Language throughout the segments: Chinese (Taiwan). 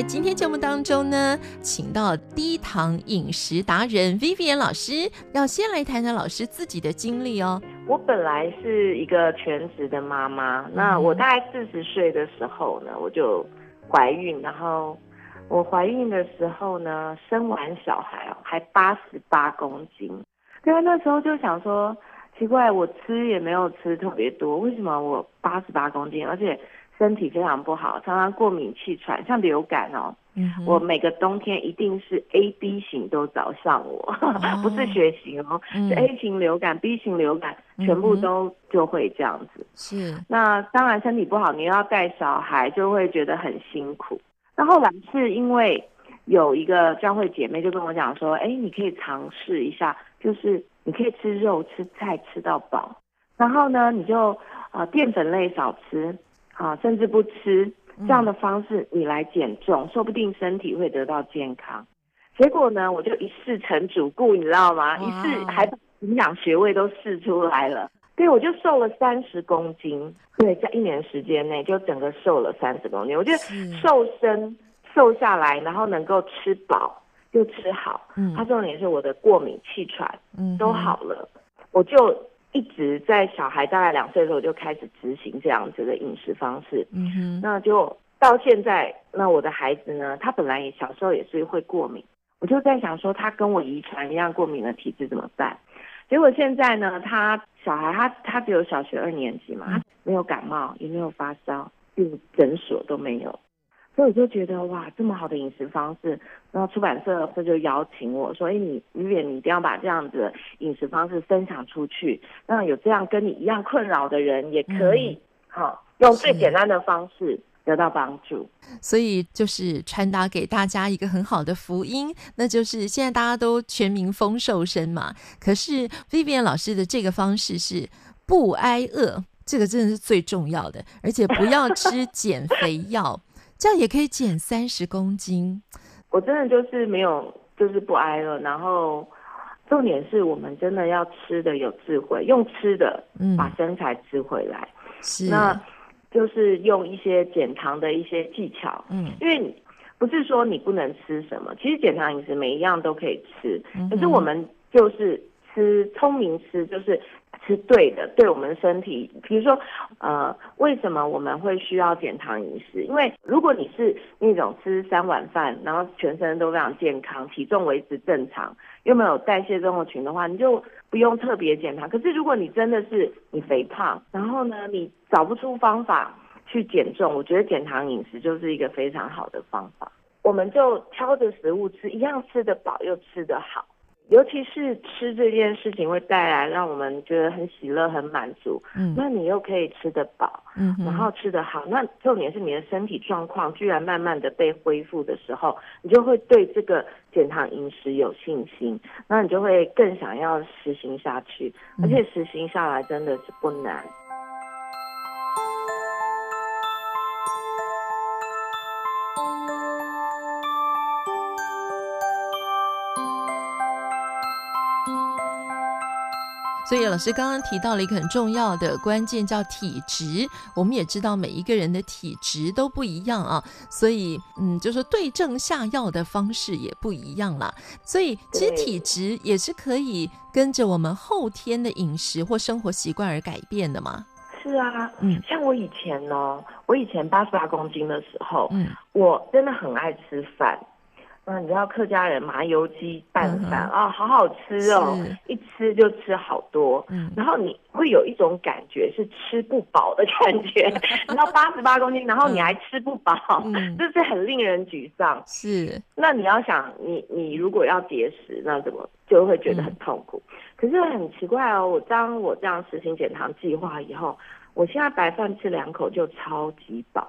在今天節目當中呢，請到低醣飲食達人 Vivian 老師，要先來談談老師自己的經歷哦。我本來是一個全職的媽媽，那我大概四十歲的時候呢，我就懷孕，然後我懷孕的時候呢，生完小孩哦，還八十八公斤，因為那時候就想說，奇怪，我吃也沒有吃特別多，為什麼我八十八公斤，而且，身體非常不好，常常過敏、氣喘，像流感哦、嗯。我每個冬天一定是 A、B 型都找上我，哦、 不是血型哦、嗯，是 A 型流感、嗯、B 型流感，全部都就會這樣子。是、嗯，那當然身體不好，你又要帶小孩就會覺得很辛苦。那後來是因為有一個教會姐妹就跟我講說：“哎、欸，你可以嘗試一下，就是你可以吃肉、吃菜吃到飽，然後呢，你就啊、呃、澱粉類少吃。”啊，甚至不吃這樣的方式，你來減重。說、嗯、不定身體會得到健康。結果呢，我就一試成主顧，你知道嗎？嗯、一試還把營養學位都試出來了。對，我就瘦了三十公斤。對，在一年時間內就整個瘦了三十公斤。我覺得瘦身瘦下來，然後能夠吃飽又吃好。嗯，他重點是我的過敏、氣喘，嗯，都好了。嗯、我就。一直在小孩大概兩歲的時候就開始執行這樣子的飲食方式，嗯哼，那就到現在，那我的孩子呢，他本來也小時候也是會過敏，我就在想說，他跟我遺傳一樣過敏的體質怎麼辦？結果現在呢，他小孩他他只有小學二年級嘛、嗯，他沒有感冒，也沒有發燒，連診所都沒有。所以我就覺得哇，這麼好的飲食方式，然後出版社就邀請我，所以你 Vivian，你一定要把這樣子的飲食方式分享出去，讓有這樣跟你一樣困擾的人也可以，好、嗯哦、用最簡單的方式得到幫助。”所以就是傳達給大家一個很好的福音，那就是現在大家都全民瘋瘦身嘛。可是 Vivian 老師的這個方式是不挨餓，這個真的是最重要的，而且不要吃減肥藥。 這樣也可以減三十公斤，我真的就是沒有，就是不挨餓。然後，重點是我們真的要吃的有智慧，用吃的把身材吃回來。是、嗯，那就是用一些減糖的一些技巧。嗯，因為不是說你不能吃什麼，其實減糖飲食每一樣都可以吃，可是我們就是。吃聰明吃就是吃對的，對我們身體。比如說，呃，為什麼我們會需要減糖飲食？因為如果你是那種吃三碗飯，然後全身都非常健康，體重維持正常，又沒有代謝症候群的話，你就不用特別減糖。可是如果你真的是你肥胖，然後呢，你找不出方法去減重，我覺得減糖飲食就是一個非常好的方法。我們就挑着食物吃，一樣吃得飽又吃得好。尤其是吃這件事情會帶來讓我們覺得很喜樂、很滿足。嗯，那你又可以吃得飽，嗯，然後吃得好。那重點是你的身體狀況居然慢慢的被恢復的時候，你就會對這個健康飲食有信心。那你就會更想要實行下去，而且實行下來真的是不難。所以老師剛剛提到了一個很重要的關鍵，叫體質。我們也知道每一個人的體質都不一樣啊，所以嗯，就是對症下藥的方式也不一樣啦。所以其實體質也是可以跟着我們後天的飲食或生活習慣而改變的嘛。是啊，像我以前呢，我以前八十八公斤的時候，嗯，我真的很愛吃飯。嗯，你知道客家人麻油雞拌飯啊，好好吃哦，一吃就吃好多，嗯，然後你會有一種感覺是吃不飽的感覺。然後八十八公斤，嗯，然後你還吃不飽，嗯，這是很令人沮喪。是，那你要想，你你如果要節食，那怎麼就會覺得很痛苦，嗯。可是很奇怪哦，我當我這樣實行減糖計劃以後，我現在白飯吃兩口就超級飽。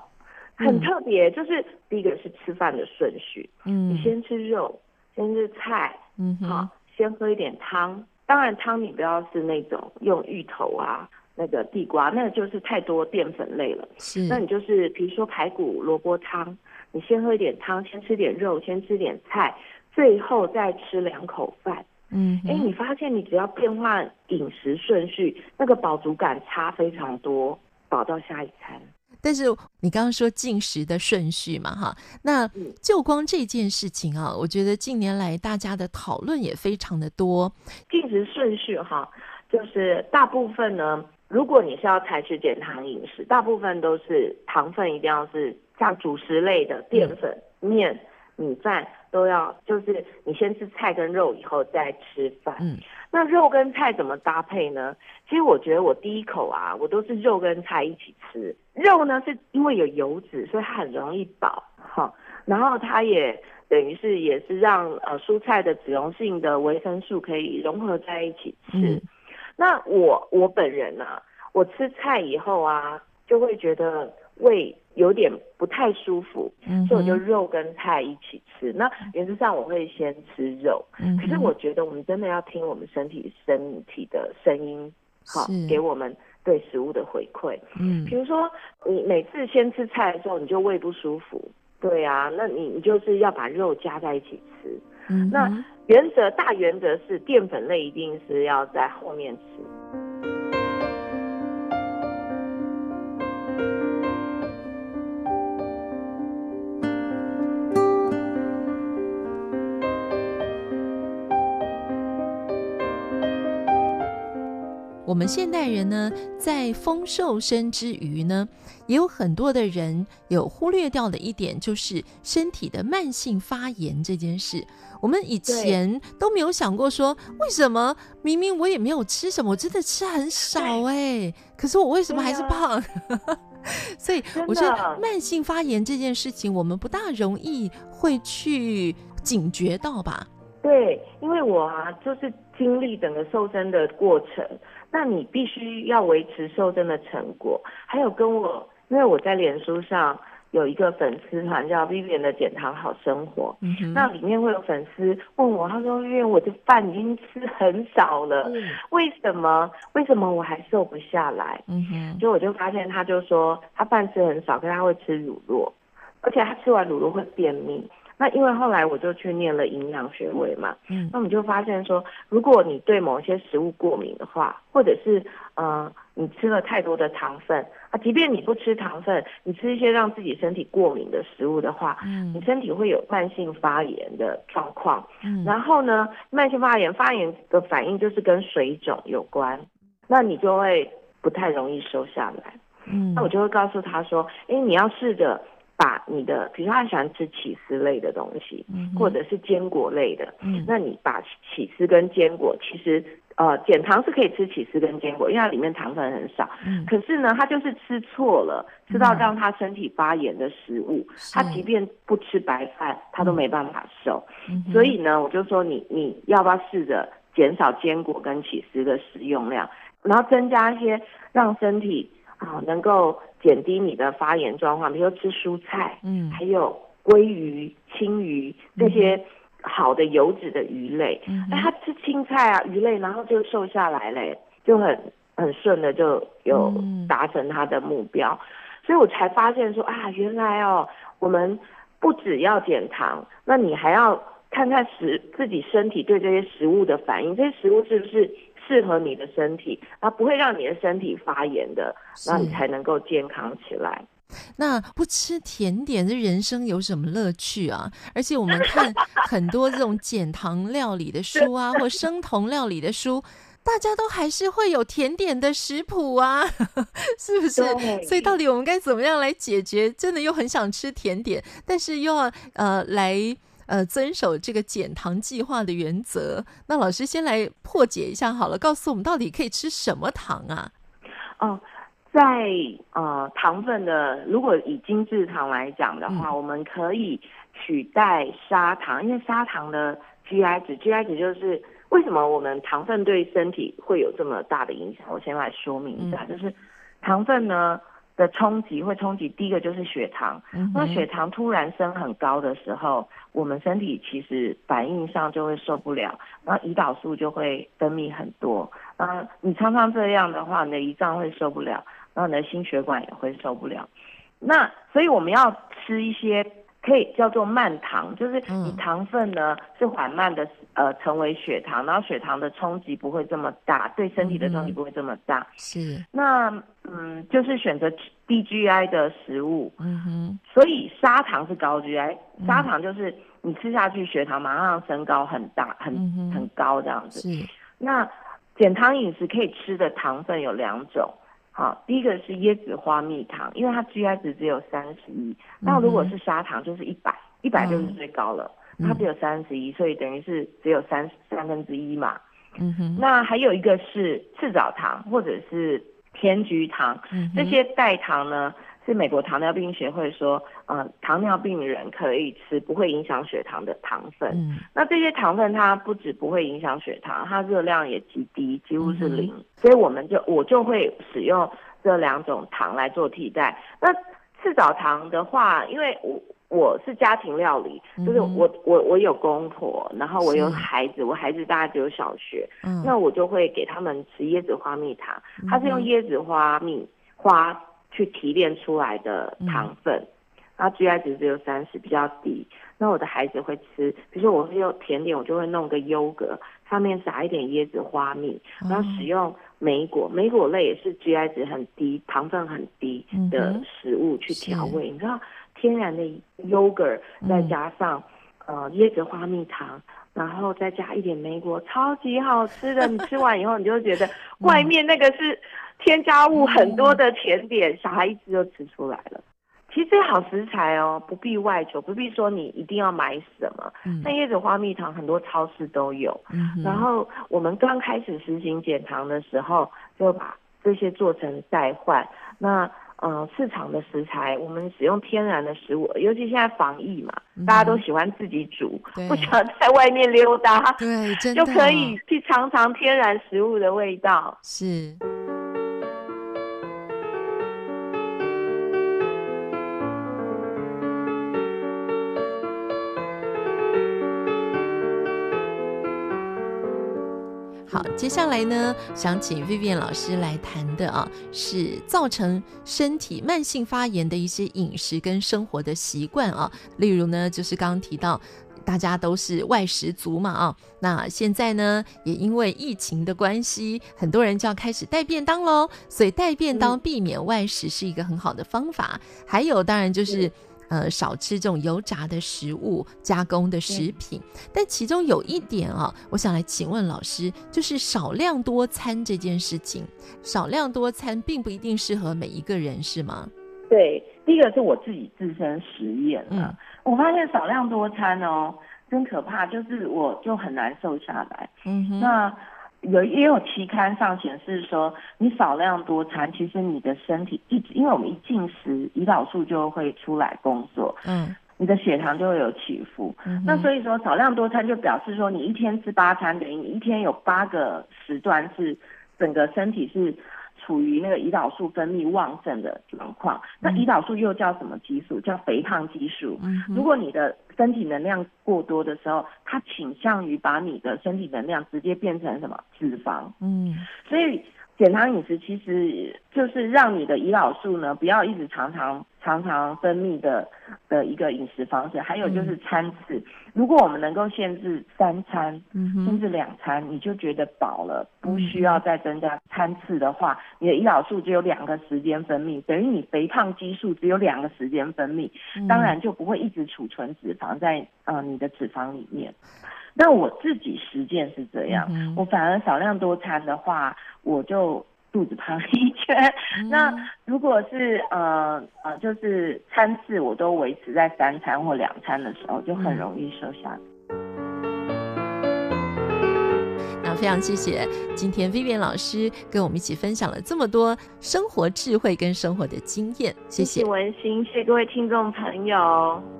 很特別，就是第一個是吃飯的順序，嗯，你先吃肉，先吃菜，嗯哼，好、啊，先喝一點湯，當然湯你不要是那種用芋頭啊，那個地瓜，那個就是太多澱粉類了，是，那你就是譬如說排骨蘿蔔湯，你先喝一點湯，先吃點肉，先吃點菜，最後再吃兩口飯，嗯，哎、欸，你發現你只要變換飲食順序，那個飽足感差非常多，飽到下一餐。但是你剛剛說進食的順序嘛，哈，那就光這件事情啊，我覺得近年來大家的討論也非常的多。進食順序哈，就是大部分呢，如果你是要採取減糖飲食，大部分都是糖分一定要是像主食類的澱粉、嗯、麵。米飯都要，就是你先吃菜跟肉，以後再吃飯。嗯，那肉跟菜怎麼搭配呢？其實我覺得我第一口啊，我都是肉跟菜一起吃。肉呢是因為有油脂，所以它很容易飽，哈。然後它也等於是也是讓呃蔬菜的脂溶性的維生素可以融合在一起吃。嗯，那我我本人啊，我吃菜以後啊，就會覺得胃。有點不太舒服，所以我就肉跟菜一起吃。嗯、那原則上我會先吃肉，嗯，可是我覺得我們真的要聽我們身體身體的聲音，好、喔，給我們對食物的回饋。嗯，比如說你每次先吃菜的時候，你就胃不舒服，對啊，那你你就是要把肉加在一起吃。嗯、那原則大原則是澱粉類一定是要在後面吃。我們現代人呢，在豐瘦身之餘呢，也有很多的人有忽略掉的一點，就是身體的慢性發炎這件事。我們以前都沒有想過說，說為什麼明明我也沒有吃什麼，我真的吃很少哎、欸，可是我為什麼還是胖？啊、 所以我覺得慢性發炎這件事情，我們不大容易會去警覺到吧？對，因為我啊，就是經歷整個瘦身的過程。那你必須要維持瘦身的成果，還有跟我，因為我在臉書上有一個粉絲團叫 “Vivian 的減糖好生活、嗯”，那裡面會有粉絲問我，他說：“因為我的飯已經吃很少了、嗯，為什麼？為什麼我還瘦不下來？”嗯，就我就發現，他就說他飯吃很少，但他會吃乳酪，而且他吃完乳酪會便秘。那因為後來我就去念了營養學位嘛，嗯，那我們就發現說，如果你對某些食物過敏的話，或者是呃，你吃了太多的糖分啊，即便你不吃糖分，你吃一些讓自己身體過敏的食物的話，嗯，你身體會有慢性發炎的狀況，嗯，然後呢，慢性發炎發炎的反應就是跟水腫有關，那你就會不太容易瘦下來，嗯，那我就會告訴他說，哎，你要試着。把你的，比如說他喜歡吃起司類的東西，嗯嗯或者是堅果類的、嗯，那你把起司跟堅果，其實呃減糖是可以吃起司跟堅果，因為它裡面糖分很少、嗯。可是呢，他就是吃錯了，吃到讓他身體發炎的食物，嗯、他即便不吃白飯，他都沒辦法瘦、嗯。所以呢，我就說你你要不要試着減少堅果跟起司的食用量，然後增加一些讓身體。啊，能夠減低你的發炎狀況，比如說吃蔬菜，嗯，還有鮭魚、青魚、嗯、這些好的油脂的魚類。那、嗯、他吃青菜啊，魚類，然後就瘦下來嘞，就很很順的就有達成他的目標、嗯。所以我才發現說啊，原來哦，我們不只要減糖，那你還要看看食自己身體對這些食物的反應，這些食物是不是適合你的身體，它不會讓你的身體發炎的，那你才能夠健康起來。那不吃甜點，這人生有什麼樂趣啊？而且我們看很多這種減糖料理的書啊， 或生酮料理的書，大家都還是會有甜點的食譜啊，是不是？所以到底我們該怎麼樣來解決？真的又很想吃甜點，但是又要呃來。呃，遵守這個減糖計劃的原則。那老師先來破解一下好了，告訴我們到底可以吃什麼糖啊？哦、呃，在呃糖分的，如果以精製糖來講的話，嗯，我們可以取代砂糖，因為砂糖的 GI 值，GI 值，就是為什麼我們糖分對身體會有這麼大的影響。我先來說明一下，嗯、就是糖分呢。的衝擊會衝擊，第一個就是血糖，Mm-hmm. 那血糖突然升很高的時候，我們身體其實反應上就會受不了，然後胰島素就會分泌很多，啊，你常常這樣的話，你的胰臟會受不了，然後你的心血管也會受不了，那所以我們要吃一些。可以叫做慢糖，就是你糖分呢、嗯、是緩慢的呃成為血糖，然後血糖的衝擊不會這麼大，對身體的衝擊不會這麼大。是、嗯，那嗯就是選擇低 GI 的食物。嗯哼。所以砂糖是高 GI，砂糖就是你吃下去血糖馬上升高很大很、嗯、很高這樣子。那減糖飲食可以吃的糖分有兩種。好、哦，第一個是椰子花蜜糖，因為它 GI 值只有三十一，那如果是砂糖就是一百，一百就是最高了，嗯、它只有三十一，所以等於是只有三三分之一嘛。嗯哼，那還有一個是赤藻糖或者是甜菊糖、嗯，這些代糖呢，是美國糖尿病協會說，嗯、呃，糖尿病人可以吃不會影響血糖的糖分。嗯，那這些糖分它不止不會影響血糖，它熱量也極低，幾乎是零。嗯、所以我們就我就會使用這兩種糖來做替代。那赤藻糖的話，因為我我是家庭料理，嗯、就是我我我有公婆，然後我有孩子，我孩子大概只有小學，嗯，那我就會給他們吃椰子花蜜糖，它是用椰子花蜜花。去提煉出來的糖分，嗯、然後 GI 值只有三十，比較低。那我的孩子會吃，比如說我是甜點，我就會弄個優格，上面撒一點椰子花蜜、嗯，然後使用莓果，莓果類也是 GI 值很低、糖分很低的食物去調味。嗯、你知道，天然的優格再加上。呃，椰子花蜜糖，然後再加一點莓果，超級好吃的。你吃完以後，你就會覺得外面那個是添加物很多的甜點， 小孩一吃就吃出來了。其實好食材哦，不必外求，不必說你一定要買什麼。嗯、那椰子花蜜糖很多超市都有，嗯。然後我們剛開始實行減糖的時候，就把這些做成代換。那嗯，市場的食材，我們使用天然的食物，尤其現在防疫嘛，嗯、大家都喜歡自己煮，不喜歡在外面溜達，對真的，就可以去嚐嚐天然食物的味道，是。好，接下來呢，想請 Vivian 老師來談的啊，是造成身體慢性發炎的一些飲食跟生活的習慣啊。例如呢，就是剛剛提到，大家都是外食族嘛啊。那現在呢，也因為疫情的關係，很多人就要開始帶便當嘍。所以帶便當避免外食是一個很好的方法。還有，當然就是。呃，少吃這種油炸的食物，加工的食品。但其中有一點啊，我想來請問老師，就是少量多餐這件事情，少量多餐並不一定適合每一個人，是嗎？對，第一個是我自己自身實驗了，嗯、我發現少量多餐哦，真可怕，就是我就很難瘦下來。嗯哼，那。有也有期刊上顯示說，你少量多餐，其實你的身體一直，因為我們一進食，胰島素就會出來工作，嗯，你的血糖就會有起伏。嗯，那所以說，少量多餐就表示說，你一天吃八餐，等於你一天有八個時段是整個身體是。處於那個胰島素分泌旺盛的狀況，那胰島素又叫什麼激素？叫肥胖激素。嗯，如果你的身體能量過多的時候，它傾向於把你的身體能量直接變成什麼脂肪？嗯，所以減糖飲食其實就是讓你的胰島素呢，不要一直常常。常常分泌的的一個飲食方式，還有就是餐次。如果我們能夠限制三餐，嗯哼，甚至兩餐，你就覺得飽了，不需要再增加、嗯、餐次的話，你的胰島素只有兩個時間分泌，等於你肥胖激素只有兩個時間分泌，嗯、當然就不會一直儲存脂肪在啊、呃、你的脂肪裡面。那我自己實踐是這樣，嗯、我反而少量多餐的話，我就。肚子胖一圈，嗯，那如果是呃呃，就是餐次我都維持在三餐或兩餐的時候，就很容易瘦下來。那非常謝謝今天 Vivian 老師跟我們一起分享了這麼多生活智慧跟生活的經驗，謝謝文心，謝謝各位聽眾朋友。